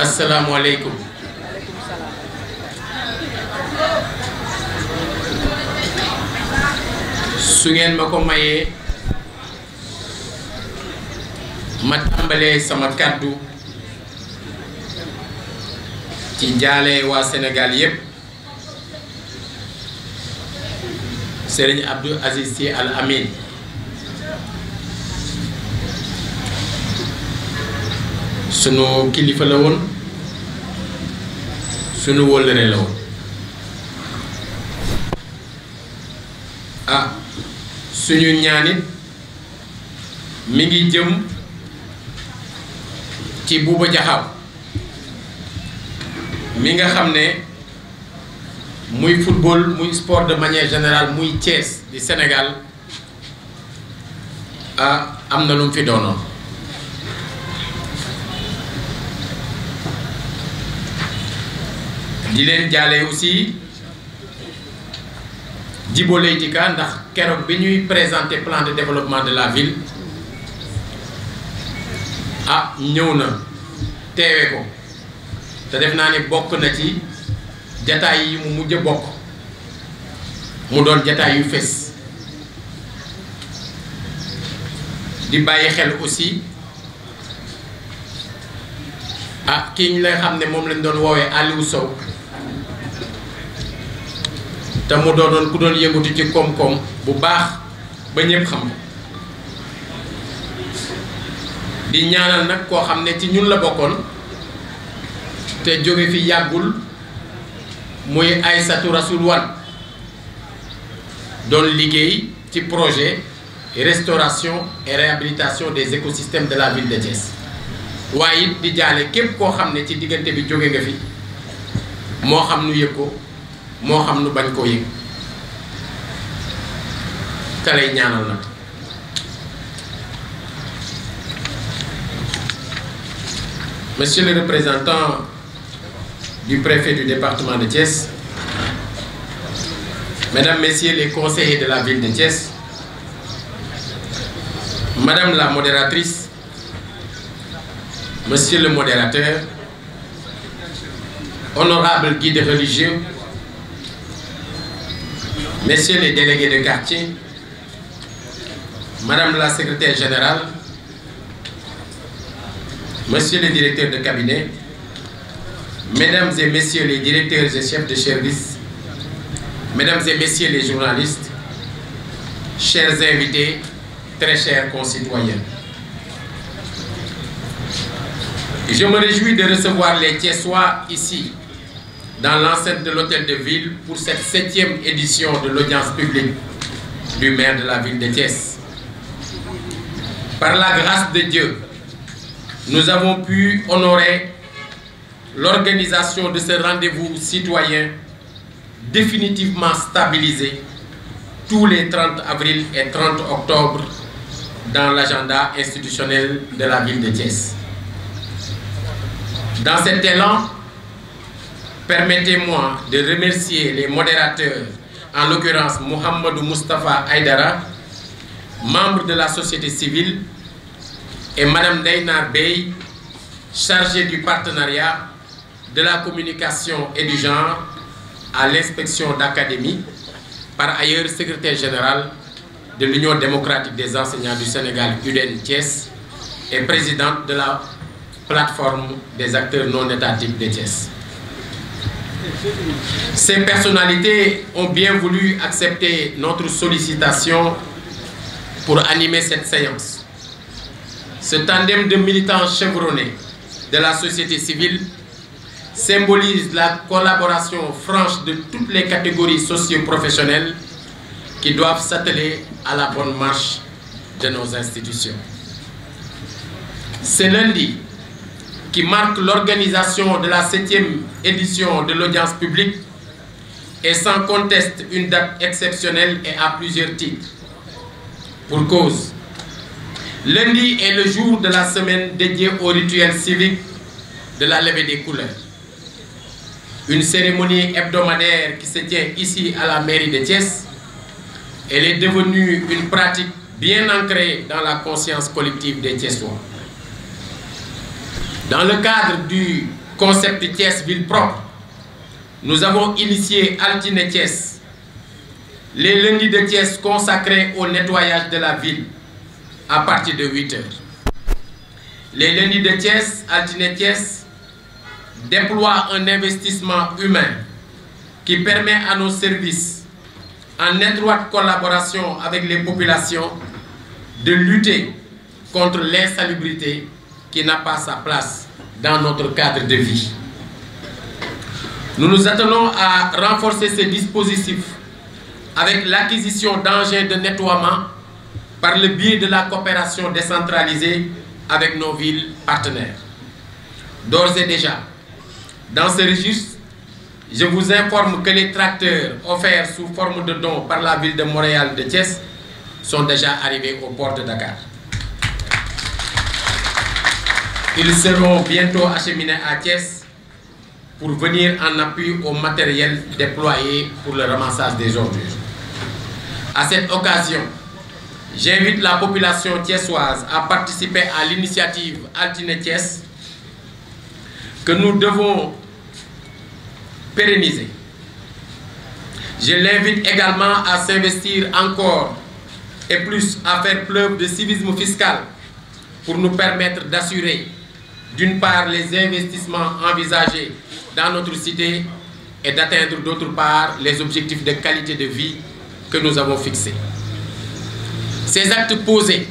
asalaamualeykum su ngeen ma ko mayee ma tàmbalee sama kàddu ci njaalee waa senegaal yépp Serigne Abdou Aziz ci Al Amin sunu kilifa la woon sunu wóllëre la woon ah suñu ñaanit mi ngi jëm ci Bouba Diakhao mi nga xam ne muy football muy sport de manière général muy Thiès di Sénégal ah am na lu mu fi doonoon di leen jaale aussi Djibo Leyti Ka ndax keroog bi ñuy présenter plan de développement de la ville ah ñëw na teewe ko te def naa ne bokk na ci jataay yi mu mujj bokk mu doon jataay yu fés di bàyyi xel aussi ak ah, kii ñu lay xam ne moom lañ doon woowee Aliou Sow te mu doonoon ku doon yënguti ci koom-koom bu baax ba ñëpp xam ko di ñaanal nag koo xam ne ci ñun la bokkoon te jóge fi yàggul muy ay Rasul Wan doon liggéey ci projet restauration et réhabilitation des écosystèmes de la ville de Thiès waaye it di jaane képp koo xam ne ci diggante bi jóge nga fi moo xam nu yëg ko moo xam nu bañ koo yëg ka lay ñaanal nag monsieur le représentant du préfet du département de Thiès mesdames messieurs les conseillers de la ville de Thiès madame la modératrice monsieur le modérateur honorable guide religieux messieurs les délégués de quartier, madame la secrétaire générale, monsieur le directeur de cabinet, mesdames et messieurs les directeurs et chefs de service, mesdames et messieurs les journalistes, chers invités, très chers concitoyens. Je me réjouis de recevoir les Thiessois ici dans l'enceinte de l'hôtel de ville pour cette septième édition de l'audience publique du maire de la ville de Thiès. Par la grâce de Dieu, nous avons pu honorer l'organisation de ce rendez-vous citoyen définitivement stabilisé tous les 30 avril et octobre dans l'agenda institutionnel de la ville de Thiès. Dans cet élan, Permettez-moi de remercier les modérateurs, en l'occurrence Mohamedou Moustapha Aydara, membre de la société civile, et Madame Dayna Bey, chargée du partenariat, de la communication et du genre à l'inspection d'académie, par ailleurs secrétaire générale de l'Union démocratique des enseignants du Sénégal, UDEN Thiès, et présidente de la plateforme des acteurs non étatiques de Thiès. Ces personnalités ont bien voulu accepter notre sollicitation pour animer cette séance. Ce tandem de militants chevronnés de la société civile symbolise la collaboration franche de toutes les catégories socio-professionnelles qui doivent s'atteler à la bonne marche de nos institutions. Ce lundi qui marque l'organisation de la septième édition de l'audience publique est sans conteste une date exceptionnelle et à plusieurs titres. Pour cause, lundi est le jour de la semaine dédiée au rituel civique de la levée des couleurs. Une cérémonie hebdomadaire qui se tient ici à la mairie de Thiès, elle est devenue une pratique bien ancrée dans la conscience collective des Thiessois. Dans le cadre du concept Thiès ville propre, nous avons initié Altine Thiès, les lundis de Thiès consacrés au nettoyage de la ville à partir de huit heures. Les lundis de Thiès, Altine Thiès déploie un investissement humain qui permet à nos services, en étroite collaboration avec les populations, de lutter contre les l'insalubrité qui n'a pas sa place dans notre cadre de vie. Nous nous attelons à renforcer ces dispositifs avec l'acquisition d'engins de nettoiement par le biais de la coopération décentralisée avec nos villes partenaires. D'ores et déjà, dans ce registre, je vous informe que les tracteurs offerts sous forme de dons par la ville de Montréal de Thiès sont déjà arrivés au port de Ils seront bientôt acheminés à Thiès pour venir en appui au matériel déployé pour le ramassage des ordures. À cette occasion, j'invite la population thiessoise à participer à l'initiative Altine Thiès que nous devons pérenniser. Je l'invite également à s'investir encore et plus à faire preuve de civisme fiscal pour nous permettre d'assurer d'une part les investissements envisagés dans notre cité et d'atteindre d'autre part les objectifs de qualité de vie que nous avons fixés. Ces actes posés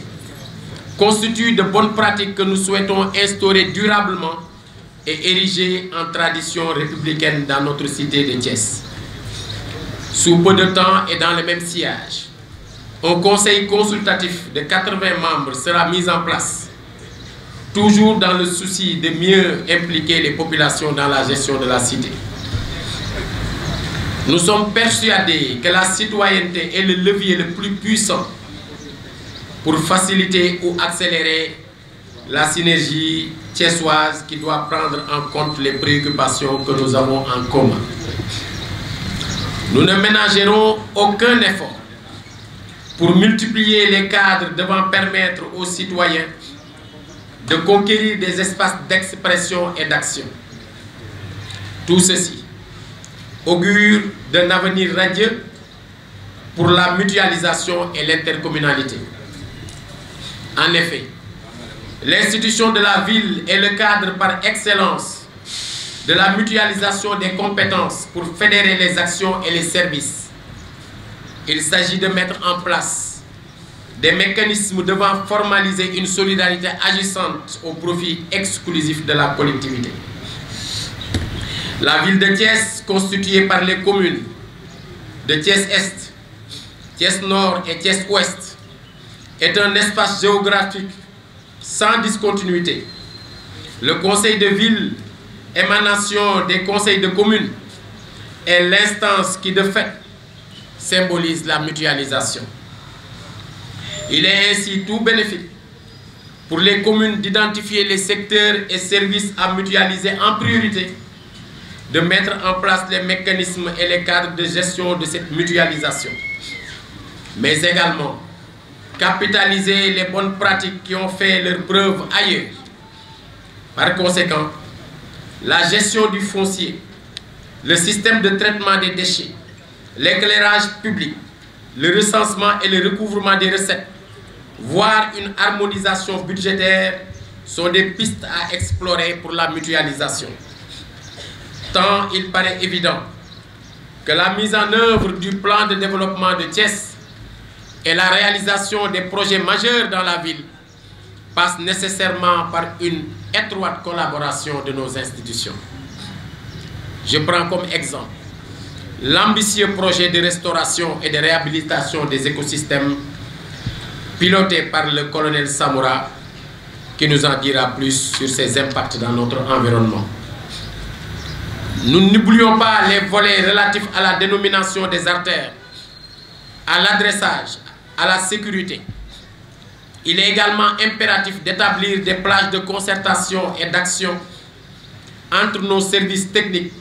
de bonnes pratiques que nous souhaitons instaurer et ériger en tradition républicaine dans notre cité de Thiès. Sous et dans le même sillage, un conseil consultatif de 80 membres sera en place toujours dans le souci de mieux impliquer les populations dans la gestion de la cité. Nous sommes persuadés que la citoyenneté est le levier le plus puissant pour faciliter ou accélérer la synergie tiessoise qui doit prendre en compte les préoccupations que nous avons en commun. Nous ne ménagerons aucun effort pour multiplier les cadres devant permettre aux citoyens de conquérir des espaces d'expression et d'action. Tout ceci augure d'un avenir radieux pour la mutualisation et l'intercommunalité. En effet, l'institution de la ville est le cadre par excellence de la mutualisation des compétences pour fédérer les actions et les services. Il s'agit de mettre en place des mécanismes devant formaliser une solidarité agissante au profit exclusif de la collectivité. La ville de Thiès, constituée par les communes de Thiès-Est, Thiès-Nord et Thiès-Ouest, est un espace géographique sans discontinuité. Le conseil de ville, émanation des conseils de commune est l'instance qui, de fait, symbolise la mutualisation. Il est ainsi tout bénéfique pour les communes d'identifier les secteurs et services à mutualiser en priorité, de mettre en place les mécanismes et les cadres de gestion de cette mutualisation, mais également capitaliser les bonnes pratiques qui ont fait leurs preuves ailleurs. Par conséquent, la gestion du foncier, le système de traitement des déchets, l'éclairage public, le recensement et le recouvrement des recettes, voire une harmonisation budgétaire, sont des pistes à explorer pour la mutualisation. Tant il paraît évident que la mise en œuvre du plan de développement de Thiès et la réalisation des projets majeurs dans la ville passent nécessairement par une étroite collaboration de nos institutions. Je prends comme exemple l'ambitieux projet de restauration et de réhabilitation des écosystèmes piloté par le colonel samora qui nous en dira plus sur ses impacts dans notre environnement. Nous n'oublions pas les volets relatifs à la dénomination des artères, à l'adressage, à la sécurité. Il est également impératif d'établir des plages de concertation et d'action entre nos services techniques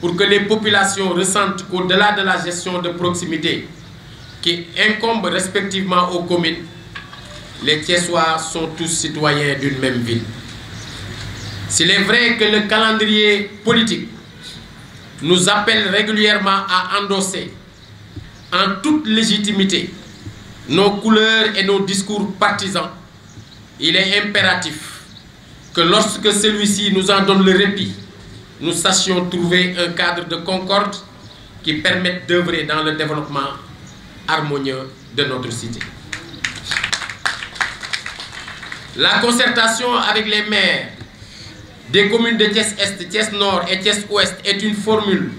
pour que les populations ressentent qu'au-delà de la gestion de proximité qui incombe respectivement aux communes, les Thiessois sont tous citoyens d'une même ville. S'il est vrai que le calendrier politique nous appelle régulièrement à endosser en toute légitimité nos couleurs et nos discours partisans, il est impératif que lorsque celui-ci nous en donne le répit, nous sachions trouver un cadre de concorde qui permette d'œuvrer dans le développement harmonieux de notre cité. La concertation avec les maires des communes de Thiès-Est, Thiès-Nord et Thiès-Ouest est une formule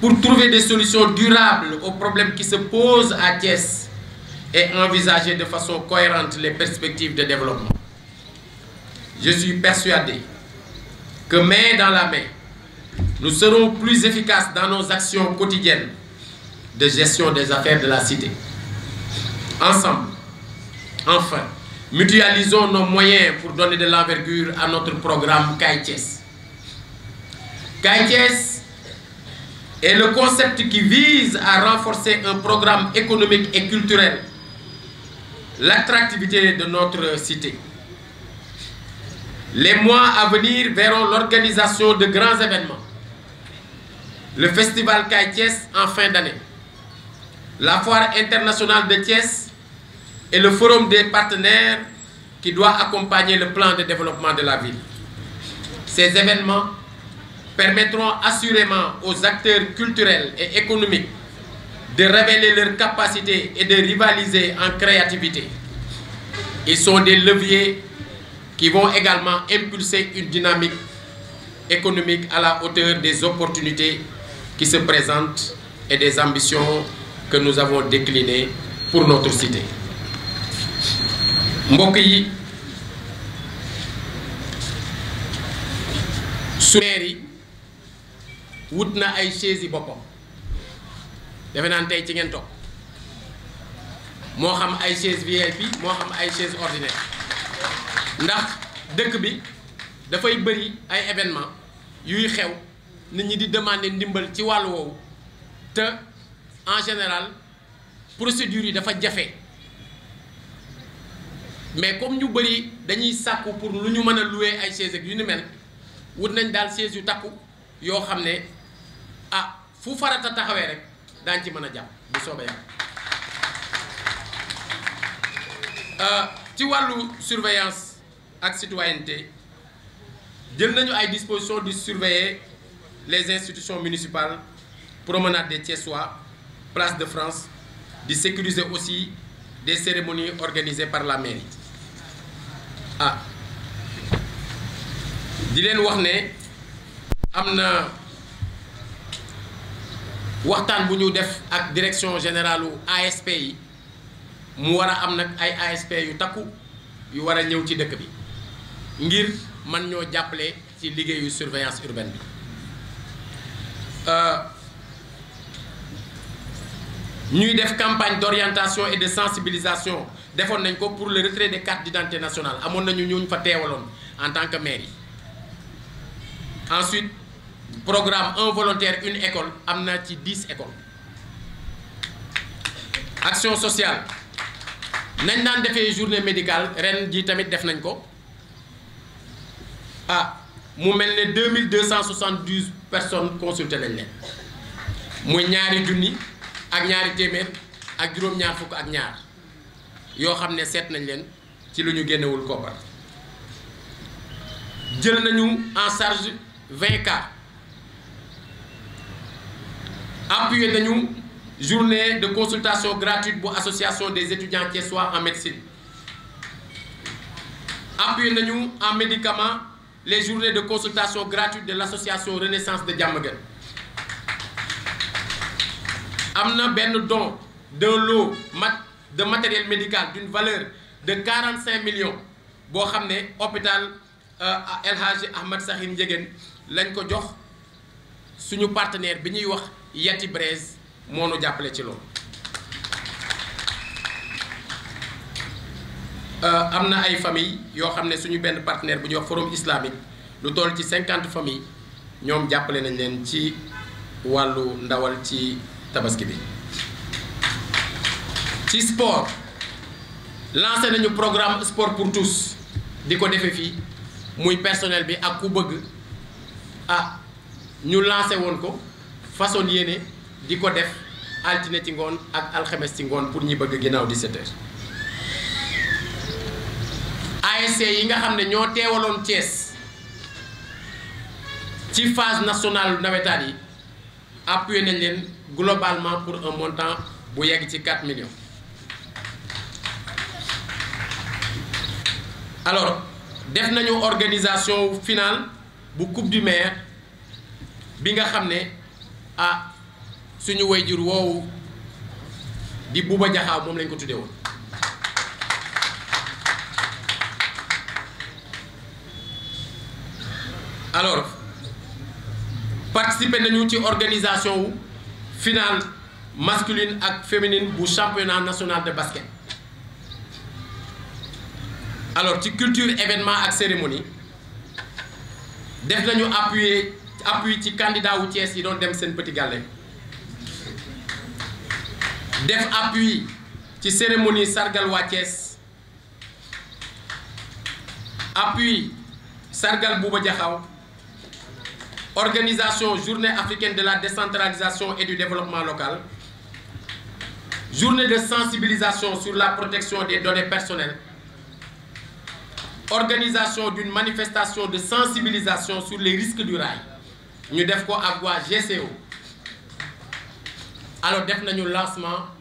pour trouver des solutions durables aux problèmes qui se posent à Thiès et envisager de façon cohérente les perspectives de développement. Je suis persuadé que main dans la main, nous serons plus efficaces dans nos actions quotidiennes de gestion des affaires de la cité. Ensemble, enfin, mutualisons nos moyens pour donner de l'envergure à notre programme CAITES. CAITES est le concept qui vise à renforcer un programme économique et culturel, l'attractivité de notre cité Les mois à venir verront l'organisation de grands événements. Le festival Kaï-Thiès en fin d'année, la foire internationale de Thiès et le forum des partenaires qui doit accompagner le plan de développement de la ville. Ces événements permettront assurément aux acteurs culturels et économiques de révéler leurs capacité et de rivaliser en créativité. Ils sont des leviers qui vont également impulser une dynamique économique à la hauteur des opportunités qui se présentent et des ambitions que nous avons déclinées pour notre cité mbokk yi su maire yi wut na ay chaise yi boppam defe naan tey ci ngeen toog moo xam ay chaise bi moo xam ay chaise ordinaire ndax dëkk bi dafay bëri ay événement yuy xew nit ñi di demander ndimbal ci wàllu woowu te en général procédure yi dafa jafe mais comme ñu bëri dañuy sàkku pour lu ñu mën a louer ay chaise ak yu ni mel wut nañ daal chaise yu takku yoo xam ne ah fu farata taxawee rek daañ ci mën a jàpp bu soobee yàlla euh, ci wàllu surveillance ak citoyenneté jël nañu ay dispositions di surveiller les institutions municipales promenade des Thiessois place de France di sécuriser aussi des cérémonies organisées par la mairie ah di leen wax ne am na waxtaan bu ñu def ak direction générale ASP yi mu war a am nag ay ASP yu takku yu war a ñëw ci dëkk bi ngir man ñoo jàppale ci liggéeyu surveillance urbaine bi euh, ñuy def campagne d'orientation et de sensibilisation defoon nañ ko pour le retrait des cartes d'identité nationale amoon nañu ñuñ fa teewaloon en tant que maire yi ensuite programme un une école am na ci dix école action sociale nañ naan defee journée médical ren ji tamit def nañ ko ah mu mel ne deux mille deux cent soixante douze personnes consulté nañ leen muy ñaari junni ak ñaari téeméer ak juróom-ñaar fukk ak ñaar yoo xam ne seet nañ leen ci lu ñu génnewul koppar jël nañu en charge vingt cas appuyé nañu journée de consultation gratuite bu association des étudiants thiessois en médecine appuyé nañu en médicaments les journées de consultation gratuite de l'association Renaissance de Diamaguène am na benn don d'un lot mat de matériel médical d'une valeur de 45 millions boo xam ne hôpital euh, El Hadji Ahmad Sakhir Ndiéguène lañ ko jox suñu partenaire bi ñuy wax Yati Braise moo jàppale ci loolu Euh, am na ay famille yoo xam ne suñu benn partenaire bu ñu wax forum islamique lu toll ci cinquante famille ñoom jàppale nañ leen ci wàllu ndawal ci tabaski bi ci sport lancé nañu programme sport pour tous di ko defee fii muy personnel bi ak ku bëgg ah ñu lancé woon ko façon yéene di ko def altine ci ngoon ak alxames ci ngoon pour ñi bëgg ginnaaw di heures ASC yi nga xam ne ñoo teewaloon Thiès ci phase nationale nawetaan yi appuyé nañ leen globalement pour un montant bu yegg ci 4 millions alors def nañu organisation finale bu coupe du maire bi nga xam ne ah suñu jur woowu di Bouba Jaxaaw moom lañ ko tuddee woon alors participer nañu ci organisation wu finale masculine ak féminine bu championnat national de basket alors ci culture événement ak cérémonie def nañu appuyer appui ci candidat wu Thiès yi doon dem seen petit def appui ci cérémonie sargal waa Thiès appui sargal Bouba Diaxaw organisation journée africaine de la décentralisation et du développement local journée de sensibilisation sur la protection des données personnelles organisation d'une manifestation de sensibilisation sur les risque du rail ñu def ko ak waa GCO alors def nañu lancement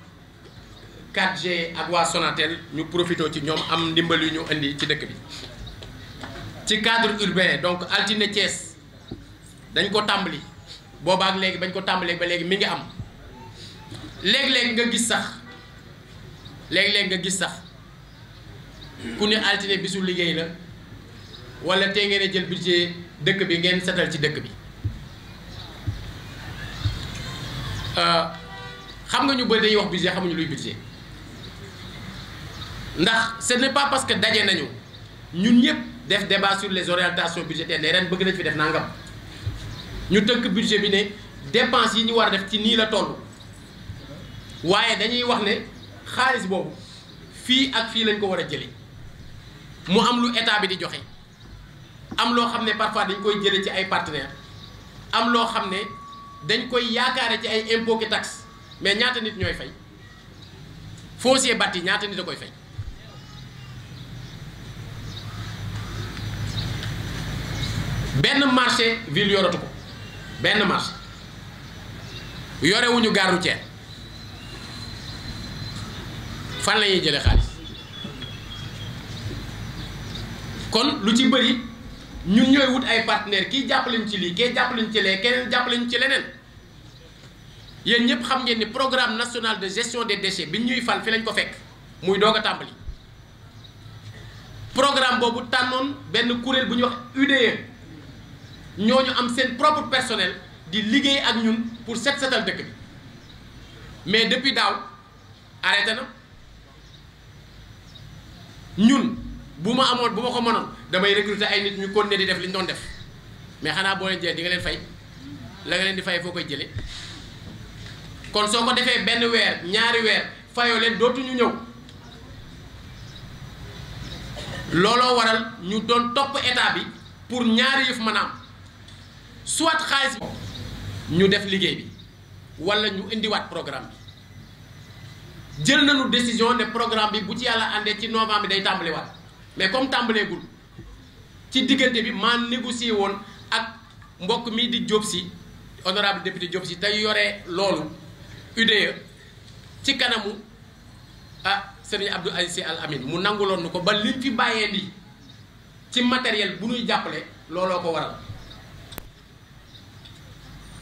4G ak waa Sonatel ñu profitoo ci ñoom am ndimbal yu ñu indi ci dëkk bi ci cadre urbain donc Altine Thiès dañ ko tàmbali boobaak léegi bañ ko tàmbalee ba léegi mu ngi am léeg-léeg nga gis sax léeg-léeg nga gis sax ku ne altine bisu liggéey la wala tey ngeen jël budget dëkk bi ngeen setal ci dëkk bi euh, xam nga ñu bëri dañuy wax budget xamuñu luy budget ndax ce n'est pas que daje nañu ñun ñëpp def débat sur les orientations budgétaires ne ren bëgg nañ fi def nangam. ñu tënk budget bi ne dépense yi ñu war a def ci nii la toll waaye dañuy wax ne xaalis boobu fii ak fii lañ ko war a jëlee mu am lu état bi di joxe am loo xam ne parfois dañ koy jëlee ci ay partenaires am loo xam ne dañ koy yaakaare ci ay impôts et mais ñaata nit ñooy fay foncier bâti ñaata nit a koy fay. benn marché ville yoratu ko benn marché yorewuñu gaaru routière fan la ñuy xaalis kon lu ci bëri ñun ñooy wut ay partenaire kii jàppaleñ ci lii kee jàppaleñ ci lee ci leneen yéen ñëpp xam ngeen ni programme national de gestion des déchets bi ñuy fal fi lañ ko fekk muy doog a tàmbali programme boobu tànnoon benn kuréel bu ñuy wax UDE ñoo ñu am seen propre personnel di liggéey ak ñun pour set setal dëkk bi mais depuis daaw arrêté na ñun bu ma amoon bu ma ko mënoon damay recruter ay nit ñu continuer di def li ñu doon def mais xanaa boo leen jëlee di nga leen fay la leen di fay foo koy jëlee kon soo ko defee benn weer ñaari weer fayoo leen dootuñu ñëw looloo waral ñu doon topp état bi pour ñaari yëf mën a soit xaalis ñu def liggéey bi wala ñu indiwaat programme bi jël nañu décision ne programme bi bu ci yàlla àndee ci novembre bi day tàmbaliwaat mais comme tàmbaleegul ci diggante bi ma négocié woon ak mbokk mi di Diop si honorable député Diop si tey yore loolu UDE ci kanamu a ah, sëriñ Abdou Aziz Sy Al Amin mu nanguloon nu ko ba li fi bàyyee li ci matériel bu ñuy jàppale looloo ko waral.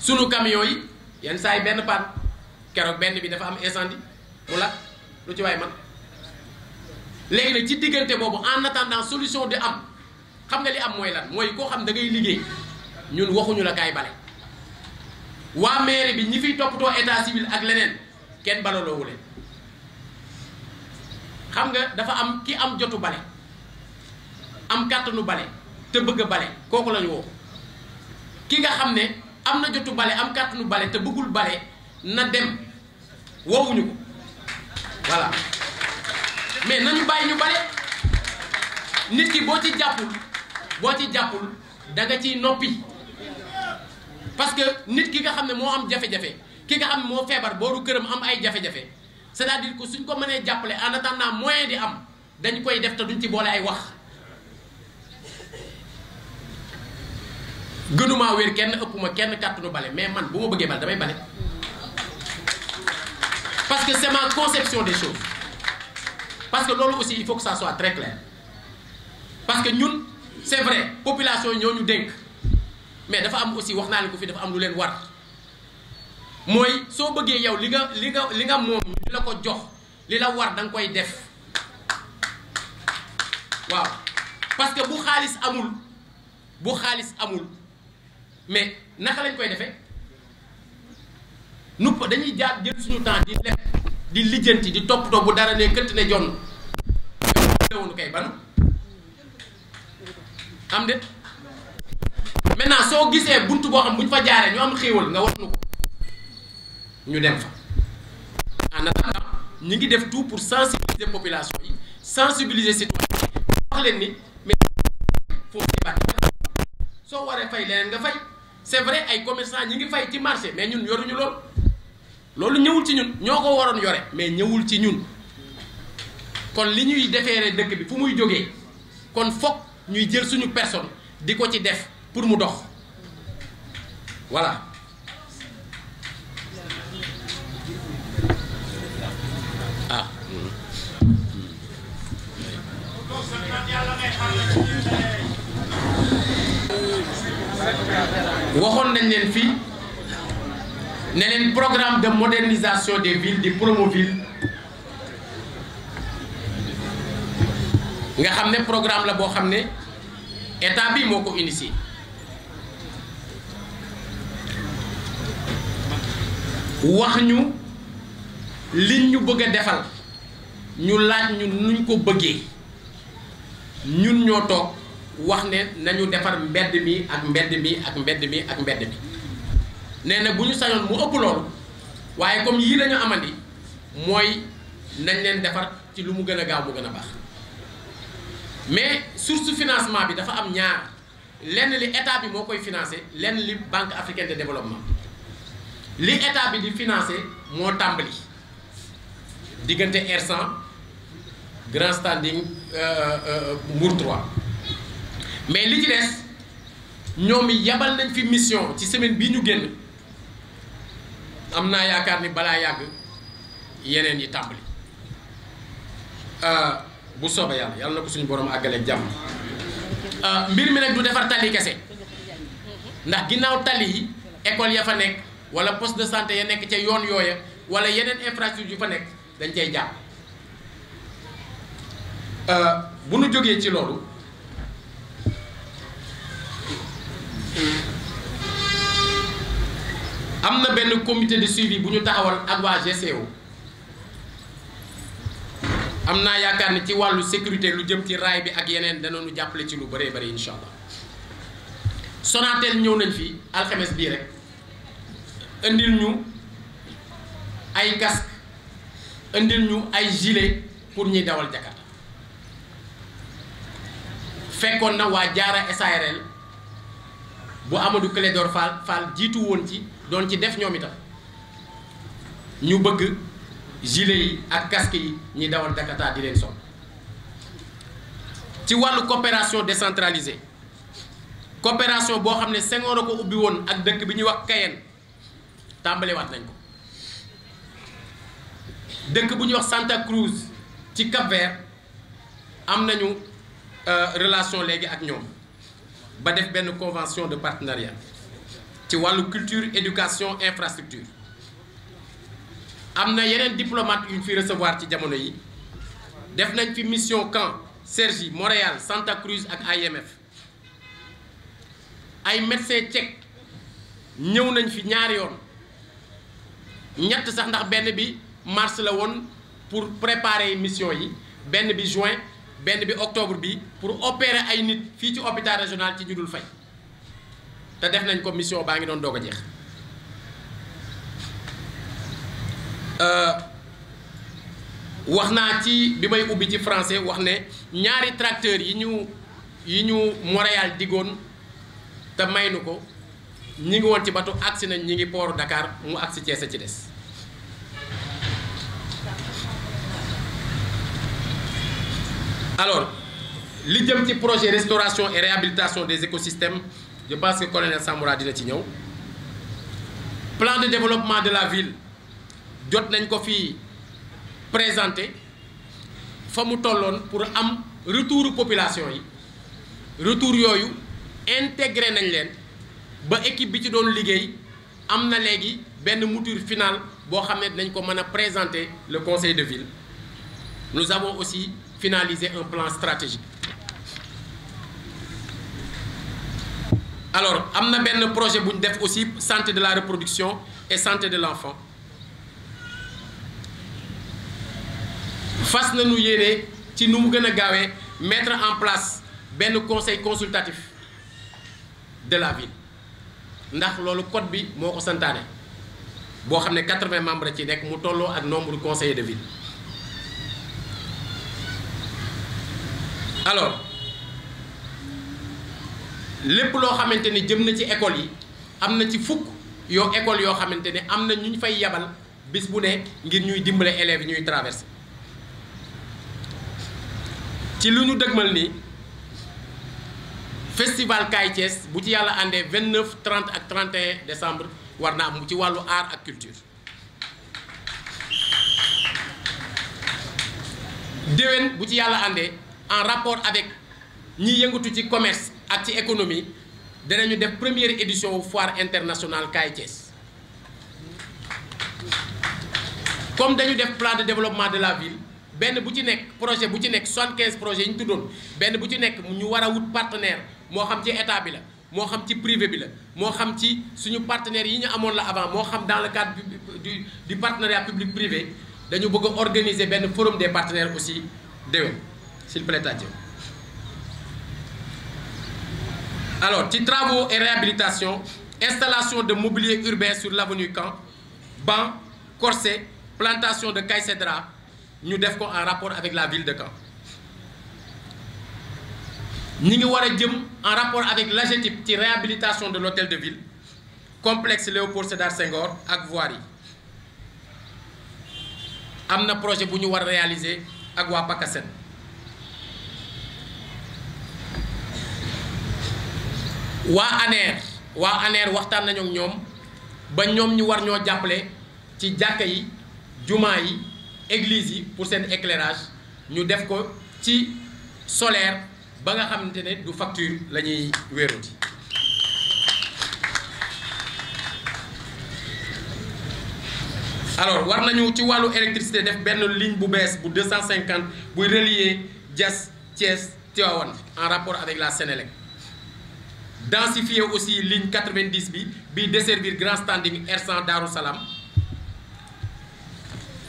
sunu camion yi yenn saa yi benn panne keroog benn bi dafa am incendie mu lakk lu ci waay man léegi nag ci diggante boobu en attendant solution di am xam nga li am mooy lan mooy koo xam da ngay liggéey ñun waxuñu la kaay bale waa mairie bi ñi fiy toppatoo état civil ak leneen kenn balaloowu leen xam nga dafa am ki am jotu bale am kàttanu bale te bëgg a bale kooku lañu woo ki nga xam ne am na jotu bale am kàttanu bale te bëggul bale na dem wowuñu ko voilà mais nañu bàyyi ñu bale nit ki boo ci jàppul boo ci jàppul da nga ciy noppi parce que nit ki nga xam ne moo am jafe-jafe ki nga xam ne moo feebar booru këram am ay jafe-jafe c'est-à-dire que suñ ko mënee jàppale en attendant moyen di am dañ koy def te duñ ci boole ay wax gënumaa wér kenn ëpp ma kenn kàttanu bale mais man bu ma bëggee bale damay bale parce que c'est ma conception des choses parce que loolu aussi il faut que ça soit très clair parce que ñun c'est vrai population ñoo ñu dénk mais dafa am aussi wax naa leen ko fii dafa am lu leen war mooy soo bëggee yow li nga li nga li nga moom ñu la ko jox li la war da nga koy def waaw parce que bu xaalis amul bu xaalis amul mais naka lañ koy defee nu dañuy jaar jël suñu temps di lekk di lijjanti di toppatoo bu dara ne këtt ne jonn léwunu kay ban am de soo gisee bunt boo xam bu ñu fa jaaree ñu am nga wax nu ko ñu dem fa en attendant ñu ngi def tout pour sensibiliser population yi sensibilise citoyen yi wax leen ni mais foofu si bàtt soo waree fay leneen nga fay c'est vrai ay commerçant ñi ngi fay ci marché mais ñun yoruñu lool loolu ñëwul ci ñun ñoo ko waroon yore mais ñëwul ci ñun kon li ñuy defee defeere dëkk bi fu muy jógee kon foog ñuy jël suñu personne di ko ci def pour mu dox voilà ah. hmm. waxoon nañ leen fii ne leen programme de modernisation des villes di Promoville nga xam ne programme la boo xam ne état bi moo ko initié wax ñu liñ ñu bëgg a defal ñu laaj ñu nuñ ko bëggee ñun ñoo toog wax ne nañu defar mbedd mi ak mbedd mi ak mbedd mi ak mbedd mi nee na bu ñu sañoon mu ëpp loolu waaye comme yii lañu amandi mooy nañ leen defar ci lu mu gën a gaaw mu gën a baax mais source financement bi dafa am ñaar lenn li état bi moo koy financé lenn li banque africaine de développement li état bi di financé moo tàmbali diggante R100 grand standing euh, euh, euh, Mbour mais li ci des ñoom yabal nañ fi mission ci semaine bii ñu génn am naa yaakaar ni balaa yàgg yeneen yi tàmbali euh, bu soobee yàlla yàlla na ko suñu borom àggaleeg jàmm euh, mbir mi nag du defar tali kese ndax ginnaaw tali yi école ya fa nekk wala poste de santé ya nekk ca yoon yooya wala yeneen infrastructure yu fa nekk dañ cay jàpp euh, bu ñu jógee ci loolu. am na benn comité de suivi bu ñu taxawal ak waa GCO am naa yaakaar ni ci wàllu sécurité lu jëm ci raay bi ak yeneen nu jàppale ci lu bëree bëri incha allah Sonatel ñëw nañ fii alxames bii rek indil ñu ay casque indil ñu ay gilet pour ñuy dawal Jakarta fekkoon na waa jaara SARL bu Amadou Clédor Fall Fall jiitu woon ci doon ci def ñoom itam ñu bëgg gilet yi ak kaski yi ñuy dawal Dakata di leen sol ci wàllu coopération décentralisée coopération boo xam ne Senghor a ko ubbi woon ak dëkk bi ñuy wax Cayenne tàmbaliwaat nañ ko dëkk bu ñuy wax Santa Cruz ci Cap-Vert am nañu euh, relation léegi ak ñoom ba def benn convention de partenariat ci wàllu culture éducation infrastructure am na yeneen diplomate yu ñu fi recevoir ci jamono yi def nañ fi mission camp Cergy Montréal Santa Cruz ak IMF ay médecins tchèques ñëw nañ fi ñaari yoon ñett sax ndax benn bi mars la woon pour préparer mission yi benn bi juin benn bi octobre bi pour opérer ay nit fii ci hôpital régional ci ñu dul fay te def nañ ko mission baa ngi doon doog a jeex euh, wax naa ci bi may ubbi ci français wax ne ñaari tracteur yi ñu yi ñu Montréal diggoon te may nu ko ñi ngi woon ci bato agsi nañ ñi ngi pooru Dakar mu agsi Cees a ci des alors li jëm ci projet restauration et réhabilitation des écosystèmes je pense que colonel samura dina ci ñëw plan de développement de la ville jot nañ ko fi présenté fa mu tolloon pour am retour population yi retour yooyu intégré nañ leen ba équipe bi ci doon liggéey am na léegi benn mouture finale boo xam nañ ko mën a présenter le conseil de ville nous avons aussi finaliser un plan stratégique alors am na benn projet buñu def aussi santé de la reproduction et santé de l'enfant fas nañu yéene ci nu mu gën a gaawee mettre en place benn conseil consultatif de la ville ndax loolu code bi moo ko santaane boo xam ne 80 membres ci nekk mu tolloo ak nombre de de ville alors lépp loo xamante ne jëm na ci école yi am na ci fukk yoo école yoo xamante ne am na ñu ñu fay yabal bis bu ne ngir ñuy dimbale élèves yi ñuy traversé ci lu ñu dëgmal ni festival Kaay Thiès bu ci yàlla àndee 29 30 ak 31 décembre war na am ci wàllu aar ak culture déwén bu ci yàlla àndee en rapport avec ñi yëngatu ci commerce ak ci économie danañu def première édition foire internationale Kaay Thiès comme dañu def plan de développement de la ville benn bu ci nekk projet bu ci nekk soixante-quinze projet yi ñu tuddoon benn bu ci nekk ñu war a wut partenaire moo xam ci état bi la moo xam ci privé bi la moo xam ci suñu partenaires yi ñu amoon la avant moo xam dans le cadre du du partenariat public privé dañu bëgg a organiser benn forum des partenaires aussi déwén. s'il plaît à Dieu alors ci travaux et réhabilitation installation de mobilier urbain sur l'avenue Caen banc corset plantation de caïcédra ñu def ko en rapport avec la ville de Caen ñi ngi war a jëm en rapport avec l'AGETIP ci réhabilitation de l'hôtel de ville complexe Léopold Sédar Senghor ak voirie am na projet bu ñu war a réaliser ak waa Pakasène waa ANER waa ANER waxtaan nañu ñoom ba ñoom ñu war ñoo jàppale ci jàkka yi jumaa yi église yi pour seen éclairage ñu def ko ci solaire ba nga xamante ne du facture la ñuy wéeruti alors war nañu ci wàllu électricité def benn ligne bu bees bu 250 buy relier Diass Thiès Tivaouane en rapport avec la Sénélec dans densifier aussi ligne 90 bi bi desservir grand standing R100 Darou Salam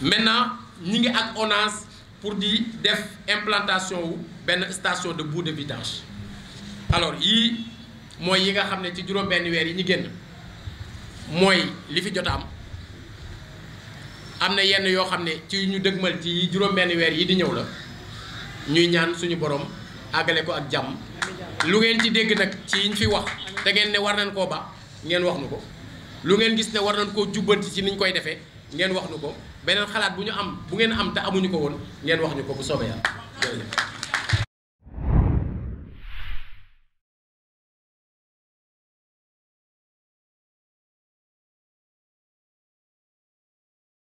maintenant ñi ngi ak ONAS pour di def implantation wu benn station de bout de vidange alors yii mooy yi nga xam ne ci juróom benn weer yi ñu génn mooy li fi jot am am na yenn yoo xam ne ci ñu dëgmal ci juróom benn weer yi di ñëw la ñuy ñaan suñu borom. àggale ko ak jàmm lu ngeen ci dégg nag ci yi yiñ fi wax te ngeen ne war nañ koo ba ngeen wax nu ko lu ngeen gis ne war nañ koo jubbanti ci niñ koy defee ngeen wax nu ko beneen xalaat bu ñu am bu ngeen am te amuñu ko woon ngeen wax ñu ko bu soobee yàlla